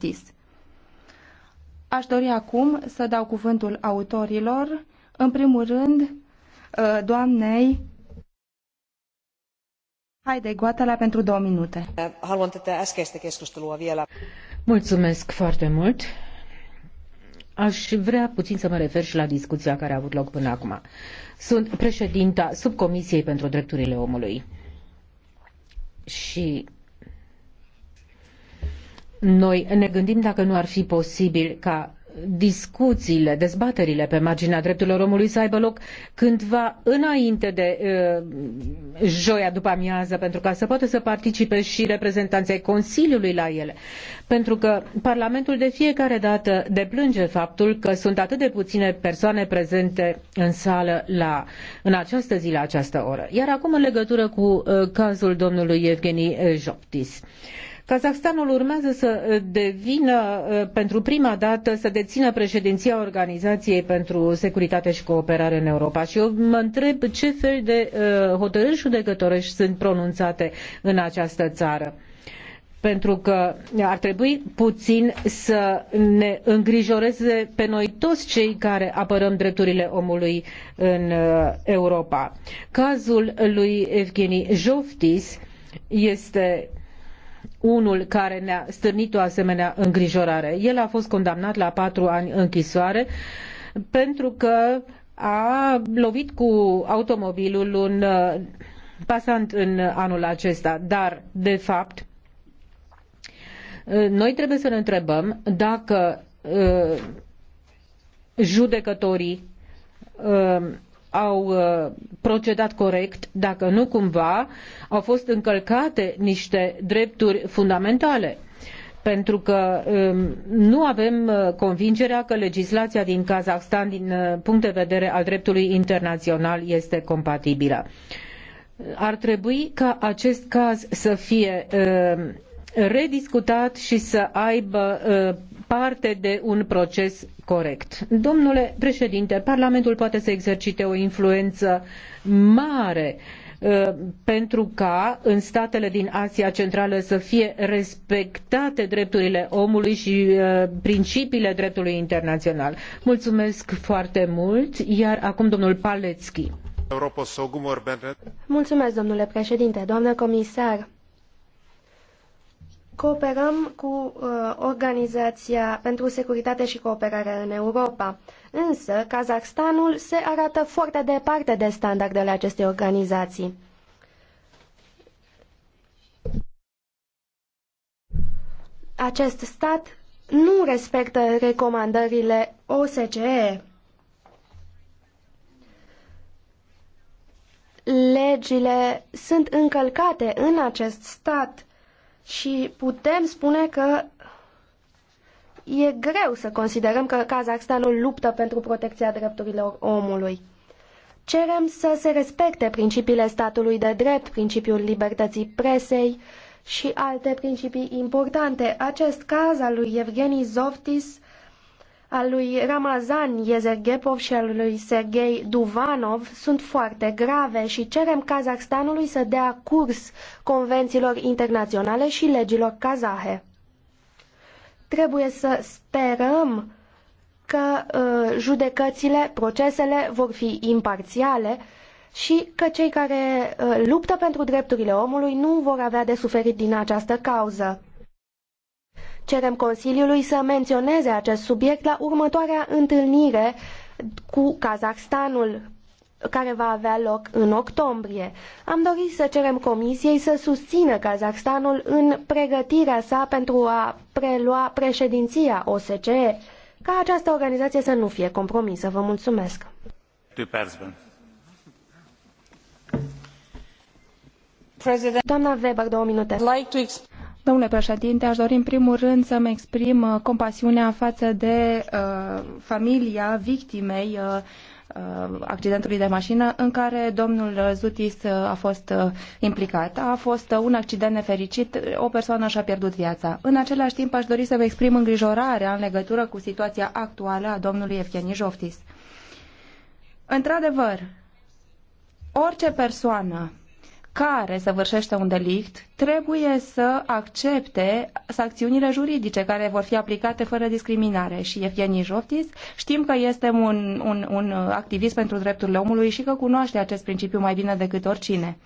TIS. Aș dori acum să dau cuvântul autorilor, în primul rând uh, doamnei Haide, Guatala, pentru două minute. Haluan tätä äskeistä keskustelua vielä. Mulțumesc foarte mult. Aș vrea puțin să mă refer și la discuția care a avut loc până acum. Sunt președinta Subcomisiei pentru Drepturile Omului. Și noi ne gândim dacă nu ar fi posibil ca discuțiile, dezbaterile pe marginea drepturilor omului să aibă loc cândva înainte de uh, joia după amiază, pentru ca să poată să participe și reprezentanții Consiliului la ele. Pentru că Parlamentul de fiecare dată deplânge faptul că sunt atât de puține persoane prezente în sală la, în această zi, la această oră. Iar acum în legătură cu uh, cazul domnului Evgeni Joptis. Uh, Kazahstanul urmează să uh, devină uh, pentru prima dată să dețină președinția Organizației pentru Securitate și Cooperare în Europa și eu mă întreb ce fel de uh, hotărâri judecătorești sunt pronunțate în această țară pentru că ar trebui puțin să ne îngrijoreze pe noi toți cei care apărăm drepturile omului în Europa. Cazul lui Evgeni Joftis este unul care ne-a stârnit o asemenea îngrijorare. El a fost condamnat la patru ani închisoare pentru că a lovit cu automobilul un uh, pasant în anul acesta, dar de fapt uh, noi trebuie să ne întrebăm dacă uh, judecătorii au uh, procedat corect, dacă nu cumva au fost încălcate niște drepturi fundamentale. Pentru că um, nu avem uh, convingerea că legislația din Kazahstan, din uh, punct de vedere al dreptului internațional, este compatibilă. Ar trebui ca acest caz să fie rediscutat și să aibă parte de un proces corect. Domnule președinte, Parlamentul poate să exercite o influență mare uh, pentru ca în statele din Asia Centrală să fie respectate drepturile omului și uh, principiile dreptului internațional. Mulțumesc foarte mult, iar acum domnul Palețchi. Mulțumesc, domnule președinte, doamnă comisar. Cooperăm cu uh, Organizația pentru Securitate și Cooperare în Europa, însă Kazakhstanul se arată foarte departe de standardele acestei organizații. Acest stat nu respectă recomandările OSCE. Legile sunt încălcate în acest stat și putem spune că e greu să considerăm că Kazakhstanul luptă pentru protecția drepturilor omului. Cerem să se respecte principiile statului de drept, principiul libertății presei și alte principii importante. Acest caz al lui Evgeni Zoftis al lui Ramazan Yezerghepov și al lui Sergei Duvanov sunt foarte grave și cerem Kazahstanului să dea curs convențiilor internaționale și legilor kazahe. Trebuie să sperăm că uh, judecățile, procesele vor fi imparțiale și că cei care uh, luptă pentru drepturile omului nu vor avea de suferit din această cauză. Cerem Consiliului să menționeze acest subiect la următoarea întâlnire cu Kazahstanul care va avea loc în octombrie. Am dorit să cerem Comisiei să susțină Kazahstanul în pregătirea sa pentru a prelua președinția OSCE, ca această organizație să nu fie compromisă. Vă mulțumesc! Doamna Weber, două minute. Domnule președinte, aș dori în primul rând să-mi exprim uh, compasiunea față de uh, familia victimei uh, uh, accidentului de mașină în care domnul Zutis uh, a fost implicat. A fost un accident nefericit, o persoană și-a pierdut viața. În același timp aș dori să vă exprim îngrijorarea în legătură cu situația actuală a domnului Evgeni Joftis. Într-adevăr, orice persoană care săvârșește un delict trebuie să accepte sancțiunile juridice care vor fi aplicate fără discriminare. Și Evgeni Joftis știm că este un, un, un activist pentru drepturile omului și că cunoaște acest principiu mai bine decât oricine.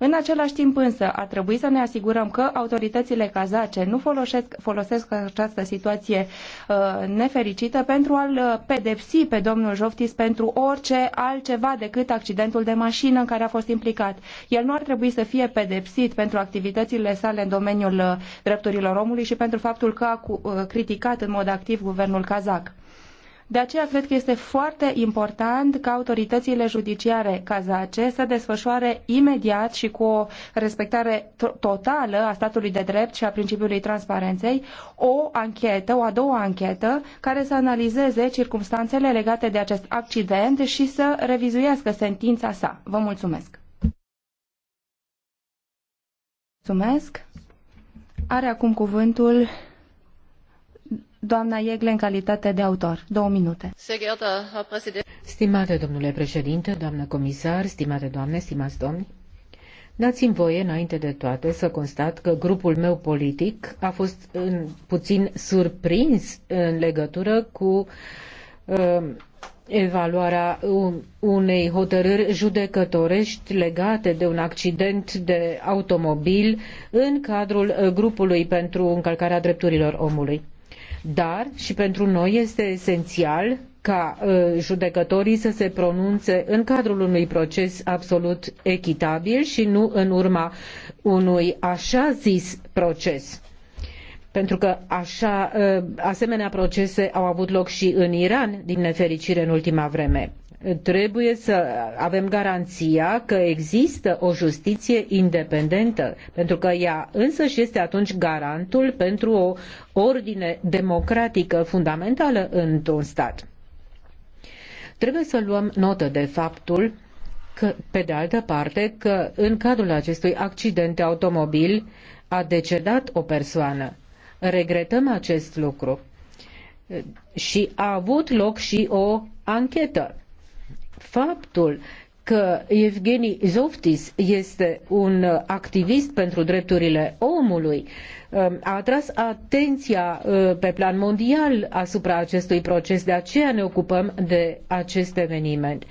În același timp însă ar trebui să ne asigurăm că autoritățile kazace nu folosesc, folosesc această situație uh, nefericită pentru a-l uh, pedepsi pe domnul Joftis pentru orice altceva decât accidentul de mașină în care a fost implicat. El nu ar trebui să fie pedepsit pentru activitățile sale în domeniul uh, drepturilor omului și pentru faptul că a uh, criticat în mod activ guvernul kazac. De aceea cred că este foarte important ca autoritățile judiciare kazace să desfășoare imediat și cu o respectare totală a statului de drept și a principiului transparenței o anchetă, o a doua anchetă, care să analizeze circumstanțele legate de acest accident și să revizuiască sentința sa. Vă mulțumesc! Mulțumesc! Are acum cuvântul Doamna Iegle, în calitate de autor. Două minute. Stimate domnule președinte, doamnă comisar, stimate doamne, stimați domni, Dați-mi voie, înainte de toate, să constat că grupul meu politic a fost în, puțin surprins în legătură cu uh, evaluarea unei hotărâri judecătorești legate de un accident de automobil în cadrul uh, grupului pentru încălcarea drepturilor omului. Dar și pentru noi este esențial ca uh, judecătorii să se pronunțe în cadrul unui proces absolut echitabil și nu în urma unui așa zis proces pentru că așa, uh, asemenea procese au avut loc și în Iran, din nefericire, în ultima vreme trebuie să avem garanția că există o justiție independentă, pentru că ea însăși este atunci garantul pentru o ordine democratică fundamentală într-un stat. Trebuie să luăm notă de faptul că, pe de altă parte, că în cadrul acestui accident de automobil a decedat o persoană. Regretăm acest lucru. Și a avut loc și o anchetă faptul că Evgeni Zoftis este un activist pentru drepturile omului, um, a atras atenția uh, pe plan mondial asupra acestui proces, de aceea ne ocupăm de acest eveniment.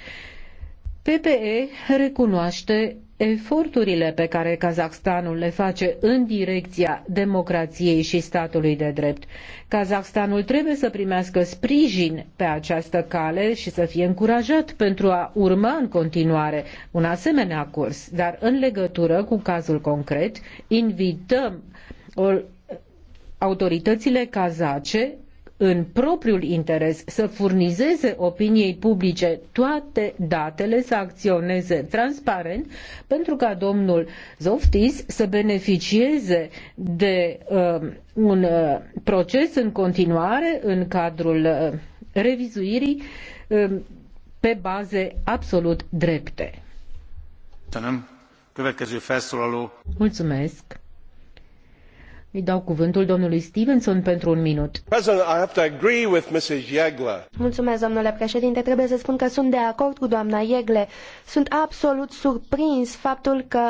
PPE recunoaște eforturile pe care Kazahstanul le face în direcția democrației și statului de drept. Kazahstanul trebuie să primească sprijin pe această cale și să fie încurajat pentru a urma în continuare un asemenea curs. Dar în legătură cu cazul concret, invităm autoritățile kazace în propriul interes să furnizeze opiniei publice toate datele, să acționeze transparent, pentru ca domnul Zoftis să beneficieze de uh, un uh, proces în continuare în cadrul uh, revizuirii uh, pe baze absolut drepte. Mulțumesc. Îi dau cuvântul domnului Stevenson pentru un minut. Mulțumesc, domnule președinte. Trebuie să spun că sunt de acord cu doamna Iegle. Sunt absolut surprins faptul că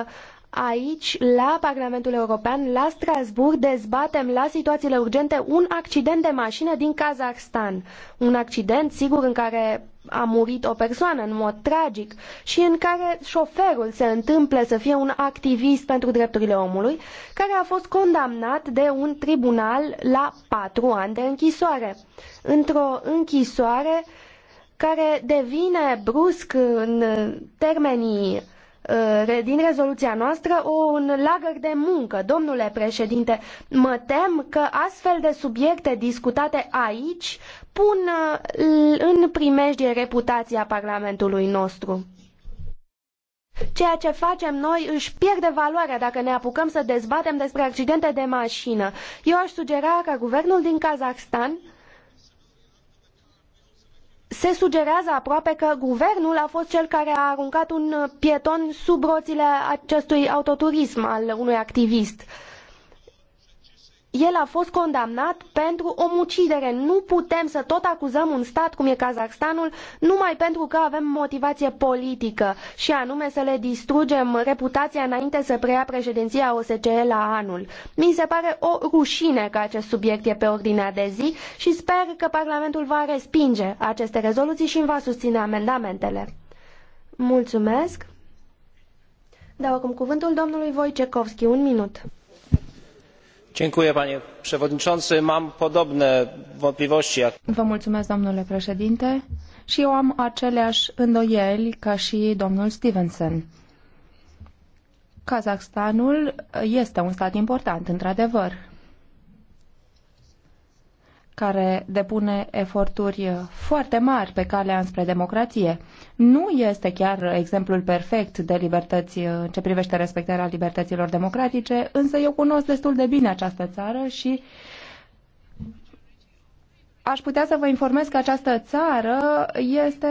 aici, la Parlamentul European, la Strasbourg, dezbatem la situațiile urgente un accident de mașină din Kazahstan. Un accident, sigur, în care a murit o persoană în mod tragic și în care șoferul se întâmplă să fie un activist pentru drepturile omului, care a fost condamnat de un tribunal la patru ani de închisoare. Într-o închisoare care devine brusc în termenii Eh, din rezoluția noastră un lagăr de muncă. Domnule președinte, mă tem că astfel de subiecte discutate aici pun eh, în primejdie reputația Parlamentului nostru. Ceea ce facem noi își pierde valoarea dacă ne apucăm să dezbatem despre accidente de mașină. Eu aș sugera ca guvernul din Kazahstan se sugerează aproape că guvernul a fost cel care a aruncat un pieton sub roțile acestui autoturism al unui activist el a fost condamnat pentru omucidere. Nu putem să tot acuzăm un stat cum e Kazahstanul numai pentru că avem motivație politică și anume să le distrugem reputația înainte să preia președinția OSCE la anul. Mi se pare o rușine că acest subiect e pe ordinea de zi și sper că Parlamentul va respinge aceste rezoluții și îmi va susține amendamentele. Mulțumesc! Dau acum cuvântul domnului Wojciechowski. Un minut panie przewodniczący! mam podobne wątpliwości jak. și eu am aceleași îndoieli ca și domnul stevenson. kazahstanul este un stat important într adevăr care depune eforturi foarte mari pe calea înspre democrație. Nu este chiar exemplul perfect de libertăți uh, în ce privește respectarea libertăților democratice, însă eu cunosc destul de bine această țară și aș putea să vă informez că această țară este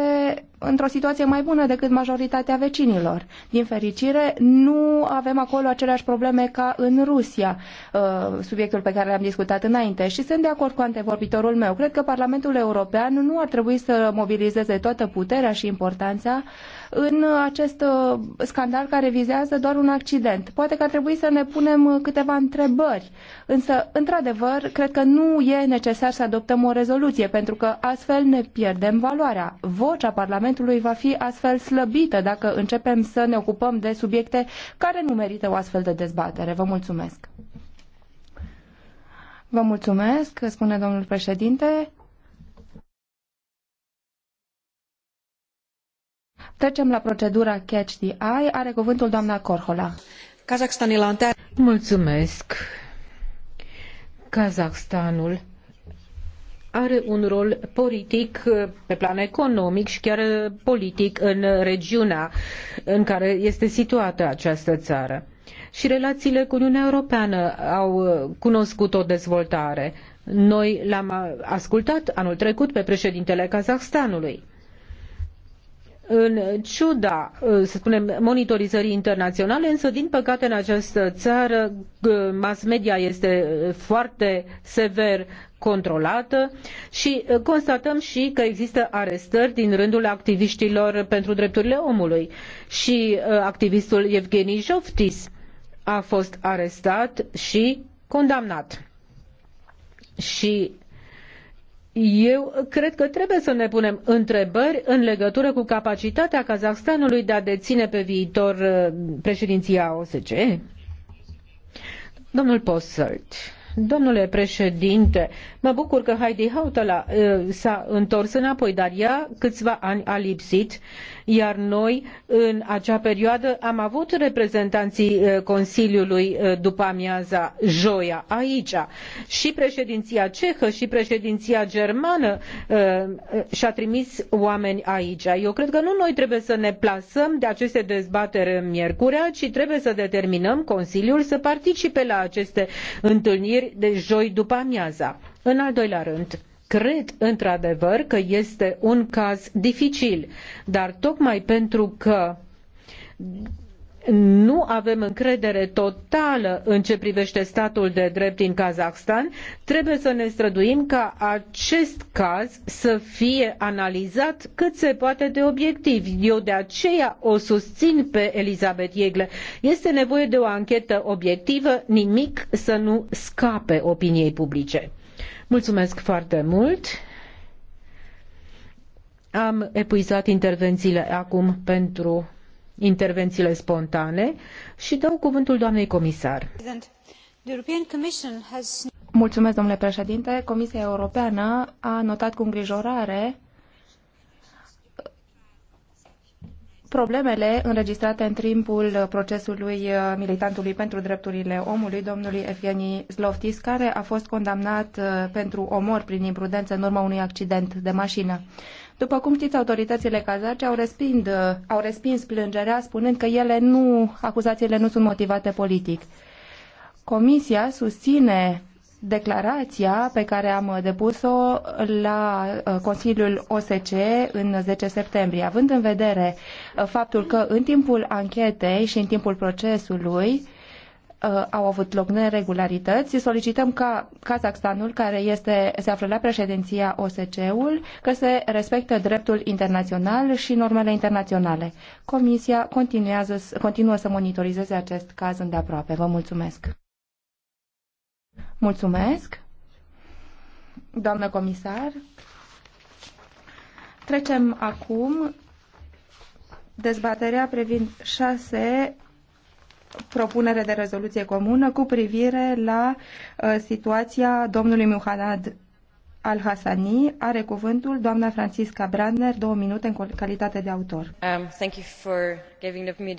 într-o situație mai bună decât majoritatea vecinilor. Din fericire, nu avem acolo aceleași probleme ca în Rusia, uh, subiectul pe care l-am discutat înainte. Și sunt de acord cu antevorbitorul meu. Cred că Parlamentul European nu ar trebui să mobilizeze toată puterea și importanța în acest uh, scandal care vizează doar un accident. Poate că ar trebui să ne punem câteva întrebări. Însă, într-adevăr, cred că nu e necesar să adoptăm o rezoluție, pentru că astfel ne pierdem valoarea. Vocea Parlamentului Parlamentului va fi astfel slăbită dacă începem să ne ocupăm de subiecte care nu merită o astfel de dezbatere. Vă mulțumesc! Vă mulțumesc, spune domnul președinte. Trecem la procedura Catch the Eye. Are cuvântul doamna Corhola. Mulțumesc. Kazakhstanul are un rol politic pe plan economic și chiar politic în regiunea în care este situată această țară. Și relațiile cu Uniunea Europeană au cunoscut o dezvoltare. Noi l-am ascultat anul trecut pe președintele Kazahstanului în ciuda, ă, să spunem, monitorizării internaționale, însă, din păcate, în această țară, ă, mass media este ă, foarte sever controlată și constatăm și că există arestări din rândul activiștilor pentru drepturile omului. Și activistul Evgeni Joftis a fost arestat și condamnat. Și eu cred că trebuie să ne punem întrebări în legătură cu capacitatea Kazahstanului de a deține pe viitor uh, președinția OSCE. Domnul Posselt. Domnule președinte, mă bucur că Heidi Hautala uh, s-a întors înapoi, dar ea câțiva ani a lipsit, iar noi în acea perioadă am avut reprezentanții uh, Consiliului uh, după amiaza joia aici. Și președinția cehă și președinția germană și-a trimis oameni aici. Eu cred că nu noi trebuie să ne plasăm de aceste dezbatere miercurea, ci trebuie să determinăm Consiliul să participe la aceste întâlniri de joi după amiaza. În al doilea rând, Cred într-adevăr că este un caz dificil, dar tocmai pentru că nu avem încredere totală în ce privește statul de drept din Kazahstan, trebuie să ne străduim ca acest caz să fie analizat cât se poate de obiectiv. Eu de aceea o susțin pe Elizabeth Iegle. Este nevoie de o anchetă obiectivă, nimic să nu scape opiniei publice. Mulțumesc foarte mult! Am epuizat intervențiile acum pentru intervențiile spontane și dau cuvântul doamnei comisar. Mulțumesc, domnule președinte. Comisia Europeană a notat cu îngrijorare problemele înregistrate în timpul procesului uh, militantului pentru drepturile omului, domnului Evgeni Zloftis, care a fost condamnat uh, pentru omor prin imprudență în urma unui accident de mașină. După cum știți, autoritățile kazace au, respind, uh, au respins plângerea spunând că ele nu, acuzațiile nu sunt motivate politic. Comisia susține declarația pe care am depus-o la uh, Consiliul OSCE în 10 septembrie, având în vedere uh, faptul că în timpul anchetei și în timpul procesului Uh, au avut loc neregularități. Solicităm ca Kazakhstanul, care este, se află la președinția OSCE-ul, că se respectă dreptul internațional și normele internaționale. Comisia continuează, continuă să monitorizeze acest caz îndeaproape. Vă mulțumesc! Mulțumesc! Doamnă comisar, trecem acum dezbaterea privind șase propunere de rezoluție comună cu privire la uh, situația domnului Muhammad Al-Hassani. Are cuvântul doamna Francisca Brandner, două minute în calitate de autor. Um,